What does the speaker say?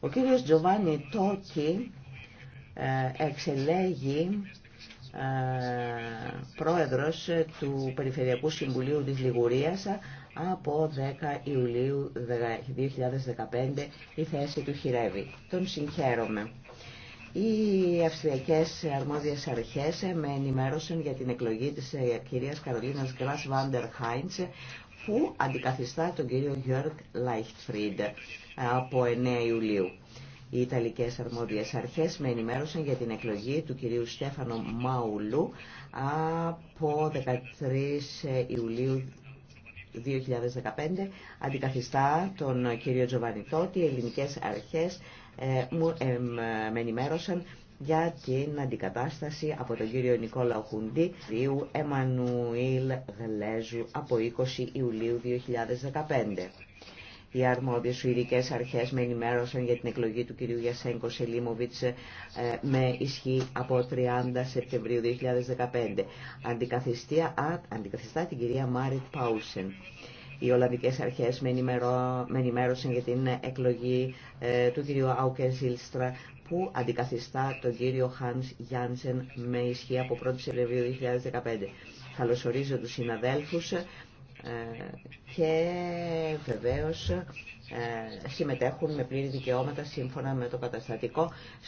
Ο κύριος Τζοβάνι Τόκη ε, εξελέγει ε, πρόεδρος του Περιφερειακού Συμβουλίου της Λιγουρίας από 10 Ιουλίου 2015 η θέση του χειρεύει. Τον συγχαίρομαι. Οι αυστριακές αρμόδιες αρχές με ενημέρωσαν για την εκλογή της ε, κυρίας Καρολίνας Γκρας Βάντερ Χάιντς που αντικαθιστά τον κύριο Γιώργ Λάιχτφριντ ε, από 9 Ιουλίου. Οι Ιταλικές αρμόδιες αρχές με ενημέρωσαν για την εκλογή του κυρίου Στέφανο Μαουλού ε, από 13 Ιουλίου 2015 αντικαθιστά τον κύριο Τζοβανιτότη, Οι ελληνικές αρχές ε, μου ε, με ενημέρωσαν για την αντικατάσταση από τον κύριο Νικόλα Οχούντη, διού Εμμανουήλ Γλέζου από 20 Ιουλίου 2015. Οι αρμόδιες σουηδικές αρχές με ενημέρωσαν για την εκλογή του κυρίου Γιασέγκο Σελίμοβιτς ε, με ισχύ από 30 Σεπτεμβρίου 2015. Αντικαθιστά την κυρία Μάριτ Πάουσεν. Οι Ολλανδικές αρχές με, ενημερώ, με ενημέρωσαν για την εκλογή ε, του κυρίου Άουκερ Ζήλστρα που αντικαθιστά τον κύριο Χάνς Γιάνσεν με ισχύ από 1η Σεπτεμβρίου 2015. Καλωσορίζω τους συναδέλφους ε, και βεβαίως ε, συμμετέχουν με πλήρη δικαιώματα σύμφωνα με το καταστατικό